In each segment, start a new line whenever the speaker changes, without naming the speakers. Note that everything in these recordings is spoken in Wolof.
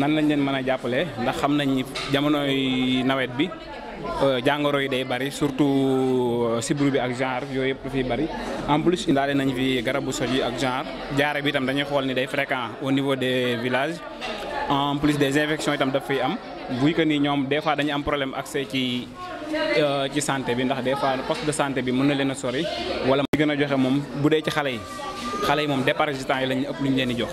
nan lañ leen mën a jàppale ndax xam nañ ni jamonoy nawet bi euh, jàngoro yi day bari surtout euh, sibru bi ak genre yooyu yëpp dafay bari en plus indaale nañ fi garabu soj yi ak genre jaare bi itam dañuy xool ni day fréquent au niveau des village en plus des infections itam daf fay am buy que ni ñoom des fois dañu am problème accès ci euh, ci santé bi ndax des fois poste de santé bi mën na leen a sori wala muy gën a joxe moom bu dee ci xale yi xale yi moom déparasitant yi lañ ëpp lu leen di jox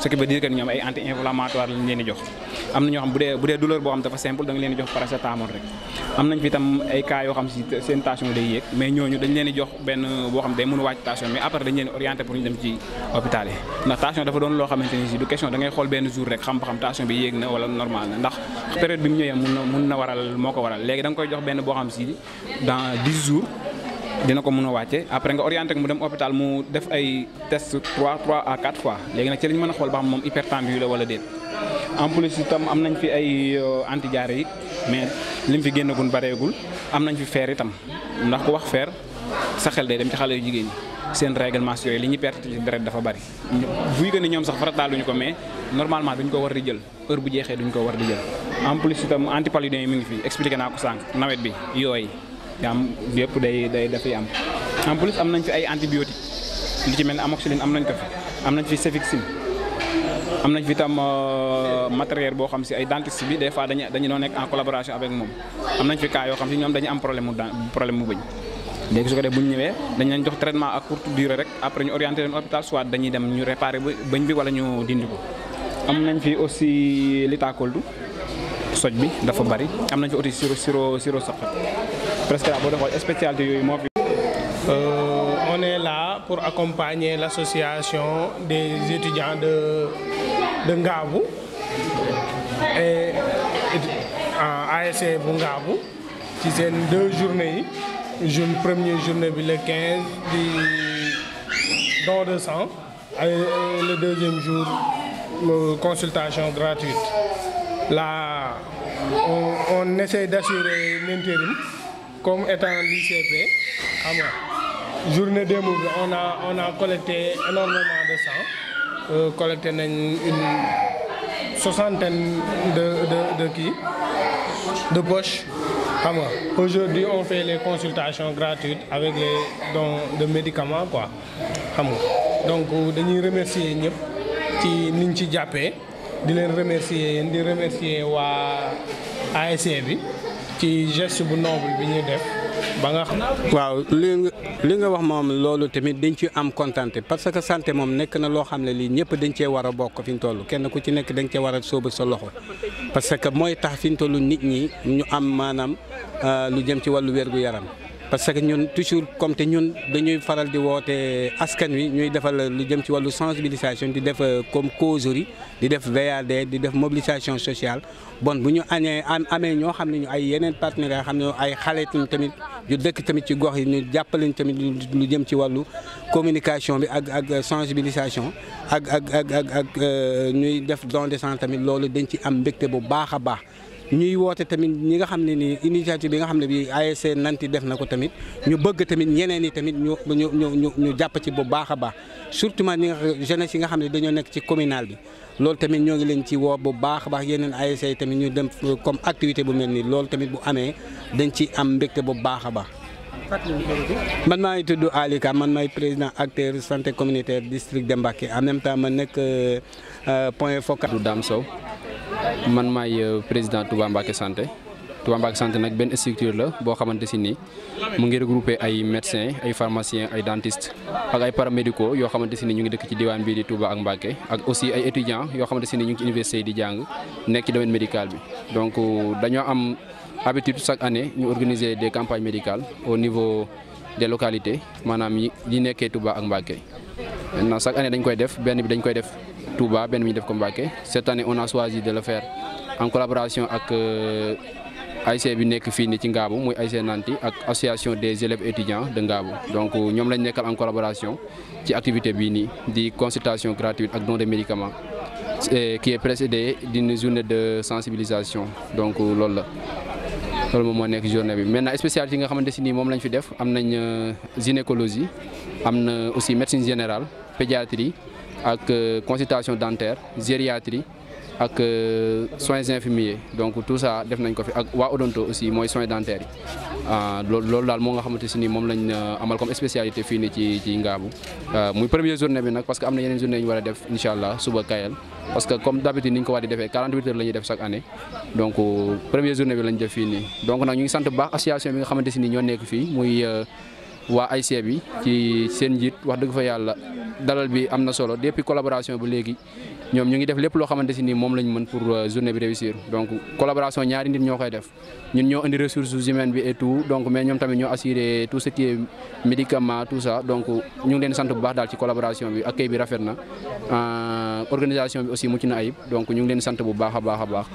ce qui veut dire que ñoom ay anti inflammatoire lañ leen di jox am na ñoo xam bu dee bu boo xam dafa simple da nga leen di jox paracétamol rek am nañ fi tam ay cas xam si seen tension day yéeg mais ñooñu dañ leen jox benn boo xam day mën wàcc tension mais après dañ leen di pour ñu dem ci hôpital yi ndax tension dafa doon loo xamante ni si du question da xool benn jour rek xam ba xam tension bi yéeg na wala normal dina ko mën a wàcce après nga orienté ko mu dem hôpital mu def ay test 3 3 à 4 fois léegi nag ci lañ mën a xool ba xam moom hypertendu la wala déet en plus itam am nañ fi ay euh, antidiarrhéique mais lim fi génnagun bareegul am nañ fi fer itam ndax ku wax feer sa xel day dem ci xale yu jigéen ñi seen réglements yooyu li ñuy perte ci deret dafa bari. buy gën a ñoom sax farataaluñu ko mais normalement duñ ko war di jël heure bu jeexee duñ ko war di jël en plus itam antipaludin yi mi ngi fi expliqué naa ko sànq nawet bi yooyu. am yëpp day day dafay am en plus am nañ fi ay antibiotique li ci mel ne amoxiline am nañ ko am nañ fi cefixime am nañ fi tam euh, matériel boo xam si ay dentiste bi des fois dañu dañu doon nekk en collaboration avec moom am nañ fi ñoom dañu am problème mu problème mu bëñ ñu ñëwee dañ leen jox traitement à courte durée rek après ñu orienté leen hôpital soit dañuy dem ñu bi wala ñu dindi ko am nañ fi aussi litakoldu soj bi dafa bari am nañ fi aussi siro siro siro soqat Euh,
on est là pour accompagner l'association des étudiants de Ngavu, et ASC Ngavu C'est deux journées La première journée le 15 di et le deuxième jour consultation gratuite là on, on essaie d'assurer l'intérim comme étant l'ICP, journée de on a, on a collecté énormément de sang. Euh, collecté une, soixantaine de, qui de poches. Aujourd'hui, on fait les consultations gratuites avec les dons de médicaments. Quoi. Donc, nous remercier qui nous ont remercier, remercier ci geste bu noble bi ñuy def
ba nga. waaw li li nga wax moom loolu tamit dañ ci am kontante parce que santé moom nekk na loo xam ne lii ñëpp dañ cee war a bokk fi ñu toll kenn ku ci nekk dañ cee war a sóobu sa loxo parce que mooy tax fi ñu toll nit ñi ñu am maanaam euh, lu jëm ci wàllu wér gu yaram. parce que ñun toujours comme te ñun dañuy faral di wote askan wi ñuy defal lu jëm ci walu sensibilisation di def euh, comme causerie di def VAD di def mobilisation sociale bon bu ñu amé ño xamni ñu ay yenen partenaire xamni ay xalé ay tamit yu dëkk tamit ci gox yi ñu jàppaleñ tamit lu jëm ci walu communication bi ak ak euh, sensibilisation ak ak ak ak euh, ñuy def don de sang tamit lolu dañ ci am mbégte bu baaxa baax. ñuy woote tamit ñi nga xam ne ni initiative bi nga xam ne bii ASC Nanti def na ko tamit ñu bëgg tamit ñeneen yi tamit ñu ñu ñu ñu jàpp ci bu baax a baax surtout ñi nga jeunesse yi nga xam ne dañoo nekk ci communal bi. loolu tamit ñoo ngi leen ci woo bu baax a baax yeneen ASC yi tamit ñu dem comme activité bu mel nii loolu tamit bu amee dañ ci am mbégte bu baax a baax. man maa ngi tudd Ali Ka man maay président acteur santé communautaire district de Mbacké en même temps ma nekk euh, point focal. du Dame Sow. man
maay euh, président tubaa Mbacké santé Touba Mbacké santé nag benn structure la boo xamante si nii mu ngi regroupé ay médecins ay pharmaciens ay dentistes ak ay paramédicaux yoo xamante si nii ñu ngi dëkk ci diwaan bii di Touba ak Mbacké ak aussi ay étudiants yoo xamante si nii ñu ngi ci université yi di jàng nekk ci domaine médical bi donc euh, dañoo am habitude chaque année ñu organiser des campagnes médical au niveau des localités maanaam yi nekkee Touba ak Mbacké maintenant chaque année dañ koy def benn bi dañ koy def. Touba, ben mi def ko Cette année, on a choisi de le faire en collaboration avec euh, l'association bi ci association des élèves étudiants de Ngabo donc euh, ñom lañ nekkal en collaboration ci activité de di consultation gratuite ak don de médicaments qui est précédée d'une journée de sensibilisation donc euh, loolu la loolu mo moo journée bi maintenant spécialité yi nga xamanté ci ni mom lañ fi def amnañ gynécologie la aussi médecine générale pédiatrie ak euh, consultation dentaire gériatrie ak euh, soins infirmiers donc tout ça def nañ ko fi ak waa odonto aussi mooy soins dentaires yi ah, loolu loolu daal moo nga xamante si ni moom lañ euh, amal comme spécialité fii nii ci ci Ngaabu ah, muy première journée bi nag parce que am na yeneen journée ñu war def incha allah suba Kayel parce que comme d'habitude ni ñu ko war di defee 48 heures la def chaque année donc première journée bi lañ def fii nii donc nag ñu ngi sant bu baax association nga xamante si ni ñoo nekk fii muy. waa ay e bi ci seen njiit wax dëgg fa yàlla dalal bi am na solo depuis collaboration bu léegi ñoom ñu ngi def lépp loo xamante si ni moom lañ mën pour euh, journée bi réussir donc collaboration ñaari nit ñoo koy def ñu ñoo indi ressources humaines bi et tout donc mais ñoom tamit ñoo assuré tout ce qui est médicament tout ça donc ñu bu baax daal ci collaboration bi accueil bi rafet na euh, organisation bi aussi mucc na ayib donc ñu ngi leen sant bu baax a baax a baax.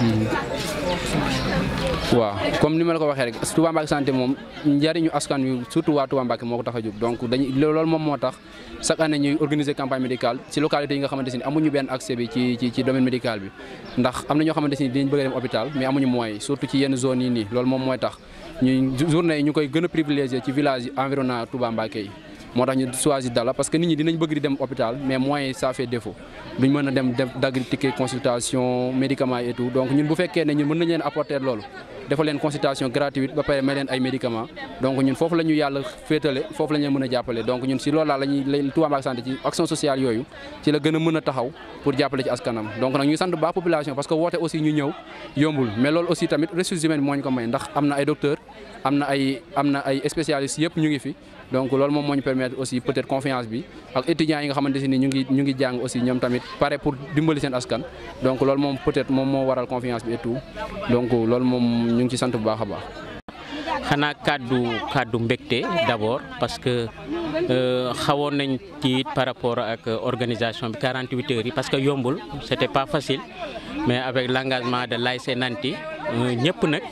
Hmm. waaw comme ni ma la ko waxee rek Touba Mbacké santé moom njariñu askan wi surtout waa Touba Mbacké moo ko tax a jóg donc loolu moom moo tax chaque année ñuy organiser campagne médicale ci localité yi nga xamante ne amuñu benn accès bi ci ci ci domaine médical bi ndax am na ñoo xamante ne dinañ bëgg dem hôpital mais amuñu mooy surtout ci yenn zones yi nii loolu moom mooy tax ñuy journée yi ñu koy gën a privilégié ci village yi environnant Touba yi moo tax ñu choisir dala parce que nit ñi dinañ bëgg di dem hôpital mais moyens ça fait défaut duñ mën a dem dagg ticket consultation médicament et tout donc ñun bu fekkee ne ñun mën nañ leen apporter loolu defal leen consultation gratuite ba pare may leen ay médicament donc ñun foofu la ñu yàlla féetale foofu la ñu mën a jàppale donc ñun si loolu laa la ñuy Touba Mbacké Santé ci action sociale yooyu ci la gën a mën a taxaw pour jàppale ci askanam donc nag ñuy sant baax population parce que woote aussi ñu ñëw yombul mais loolu aussi tamit ressources humaines moo ñu ko may ndax am na ay docteur am na ay am na ay spécialistes yëpp ñu ngi fi donc loolu mom moñu permettre aussi peut-être confiance bi ak étudiants yi nga xamante ni ñu ngi ñu ngi jang aussi ñom tamit paré pour dimbali sen askan donc loolu mom peut-être mom mo waral confiance bi et tout donc loolu mom ñu ngi ci sant bu baaxa baax.
xanaa kàddu kàddu mbekté d'abord parce que euh, xawoon nañ ci par rapport ak organisation bi 48 heures yi parce que yombul c'était pas facile mais avec l'engagement de l'ASC e Nanti euh, ñëpp nak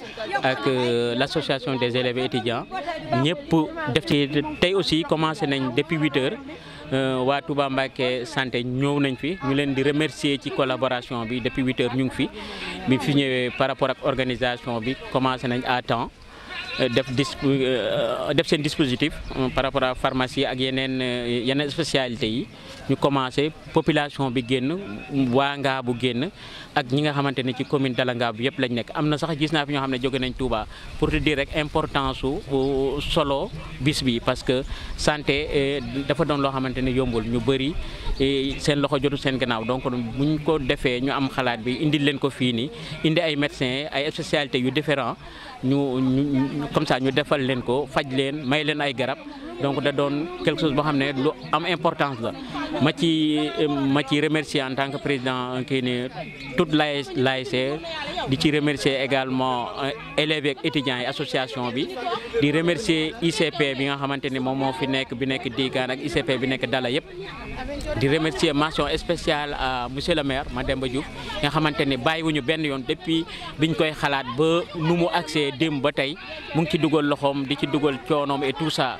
avec euh, l'association des élèves et étudiants nous avons aussi commencé depuis 8 heures Nous euh, Touba remercié santé remercier ci collaboration depuis 8 heures ñu ngi fi par rapport ak organisation bi commencé à temps def dis euh, def seen dispositif euh, par rapport ak pharmacie ak yeneen euh, yeneen spécialité yi ñu commencé population bi génn waa ngaa bu génn ak ñi nga xamante ne ci commune Dalla bi yëpp lañ nekk am na sax gis naa fi ñoo xam ne jóge nañ Touba pour te dire rek importance su solo bis bi parce que santé dafa doon loo xamante ne yombul ñu bëri seen loxo jotu seen gannaaw donc buñ ko defee ñu am xalaat bi indi leen ko fii nii indi ay médecins ay spécialités yu différents ñu ñu comme ñu defal leen ko faj leen may leen ay garab donc da doon quelque chose boo xamné ne lu am importance la ma ci euh, ma ci remercier en tant que président euh, kii ne toute laïc e, di ci remercier également euh, élèves et étudiants association bi di remercier ICP bi nga xamanteni mom mo fi nek bi nek digan ak ICP bi nek Dala yep di remercier mention spéciale à monsieur le maire Mademba Diouf nga xamanteni bayiwuñu ben yon depuis biñ koy xalaat ba nu mu accès démb ba tey mu ngi ci dugal loxom di ci dugal cionom et tout ça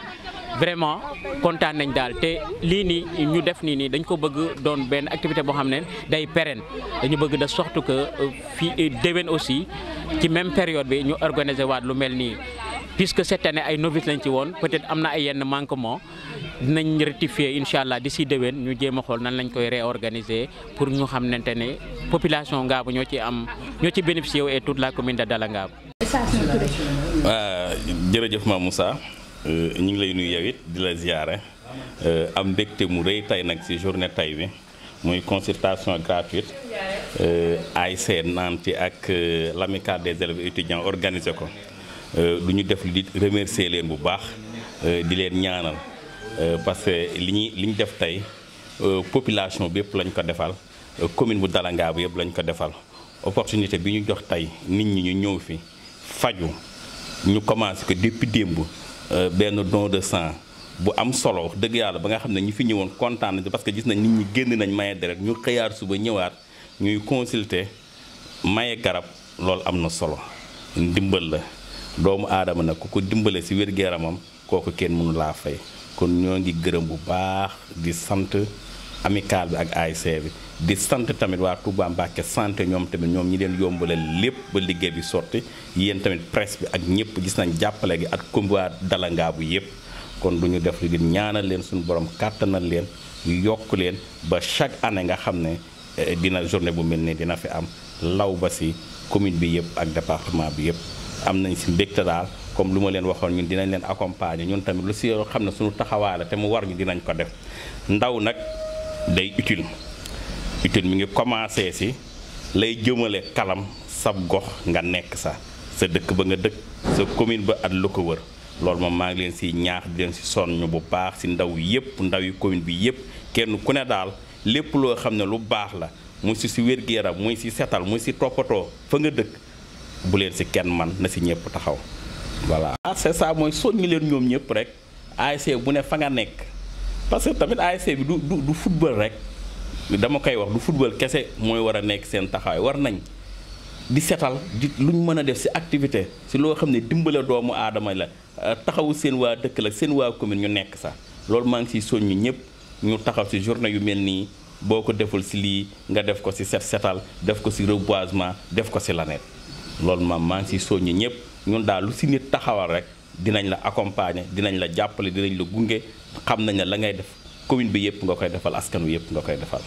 vraiment kontaan nañ daal te lii nii ñu def nii nii dañ ko bëgg doon benn activité boo xam ne day pérenne dañu bëgg de sorte que euh, fii déwén aussi ci même période bi ñu organiser waat lu mel nii puisque cette année ay novice lañ ci woon peut-être am na ay yenn manquement dinañ rectifier incha allah si déwén ñu jéem a xool nan lañ koy réorganiser pour ñu xamante ne population Ngaabu ñoo ci am ñoo ci bénéficier wu et toute la commune de Dala Ngaabu.
Euh, jërëjëf ma Moussa. Euh, ñu ngi lay nuyu yow di la euh am mbégte mu rëy tay nak ci journée tay bi muy consultation gratuite euh ASC Nanti ak euh, l'amicale des élèves étudiants organisé ko euh duñu def li di remercier leen bu baax euh, di leen ñaanal euh parce que li ñuy li ñu def tey population bi lañ ko défal commune bu Dalanga bu yëpp lañ ko défal opportunité bi ñu jox tay nit ñi ñu ñëw fi faju ñu commencé que depuis démb Euh, benn don de sang bu am solo dëgg yàlla ba nga xam ne ñu fi ñëwoon kontaan nañu parce que gis nañ nit ñi génn nañ maye deret ñu xëyaat suba ñëwaat ñuy consulter maye garab loolu am na solo ndimbal la doomu aadama nag ku ko dimbale si wér-gu-yaramam kooku kenn mënu laa fay kon ñoo ngi gërëm bu baax di sant amical bi ak ASC bi di sant tamit waa Touba Mbacke sant ñoom tamit ñoom ñi leen yombalal lépp ba liggéey bi sotti yéen tamit presse bi ak ñëpp gis nañ jàppale gi ak kumba dalangaa bu yëpp kon du ñu def li di leen suñu borom kàttanal leen yokk leen ba chaque année nga xam ne eh, dina journée mel ni dina fi am law ba si commune bi yëpp ak département bi yëpp am nañ si mbégte daal comme lu ma leen waxoon ñu dinañ leen accompagner ñun tamit lu si xam ne suñu taxawaay te mu war ñu dinañ ko def ndaw nag day utile utile mi ngi commencé si lay jëmale kalam sab gox nga nekk sa sa dëkk ba nga dëkk sa commune ba at lu ko wër loolu moom maa ngi leen si ñaax di leen si sonn bu baax si ndaw yëpp ndaw yi bi yëpp kenn ku ne daal lépp loo xam ne lu baax la mu si si wér-gu-yaram mu si setal mu si toppatoo fa nga dëkk bu leen si kenn man na si ñëpp taxaw voilà. ah mooy soññi leen ñoom ñëpp rek ASC e bu ne fa nga nekk. parce que tamit ASC bi du du du rek dama koy wax du football kese mooy war a nekk seen taxawaay war nañ di setal di lu ñu mën a def si activité si loo xam ne dimbale doomu aadama la euh, taxawu seen waa dëkk la seen waa commune ñu nekk sax loolu maa ngi siy soññu ñëpp ñu taxaw si journée yu mel nii boo ko deful si lii nga def ko si set def ko si reboisement def ko si lanet loolu ma maa ngi siy soññu ñëpp ñun daal lu si nit taxawal rek. dinañ la accompagner dinañ la jàppale dinañ la gunge xam nañ ne la ngay def commune bi yëpp nga koy defal askan wi yëpp nga koy defal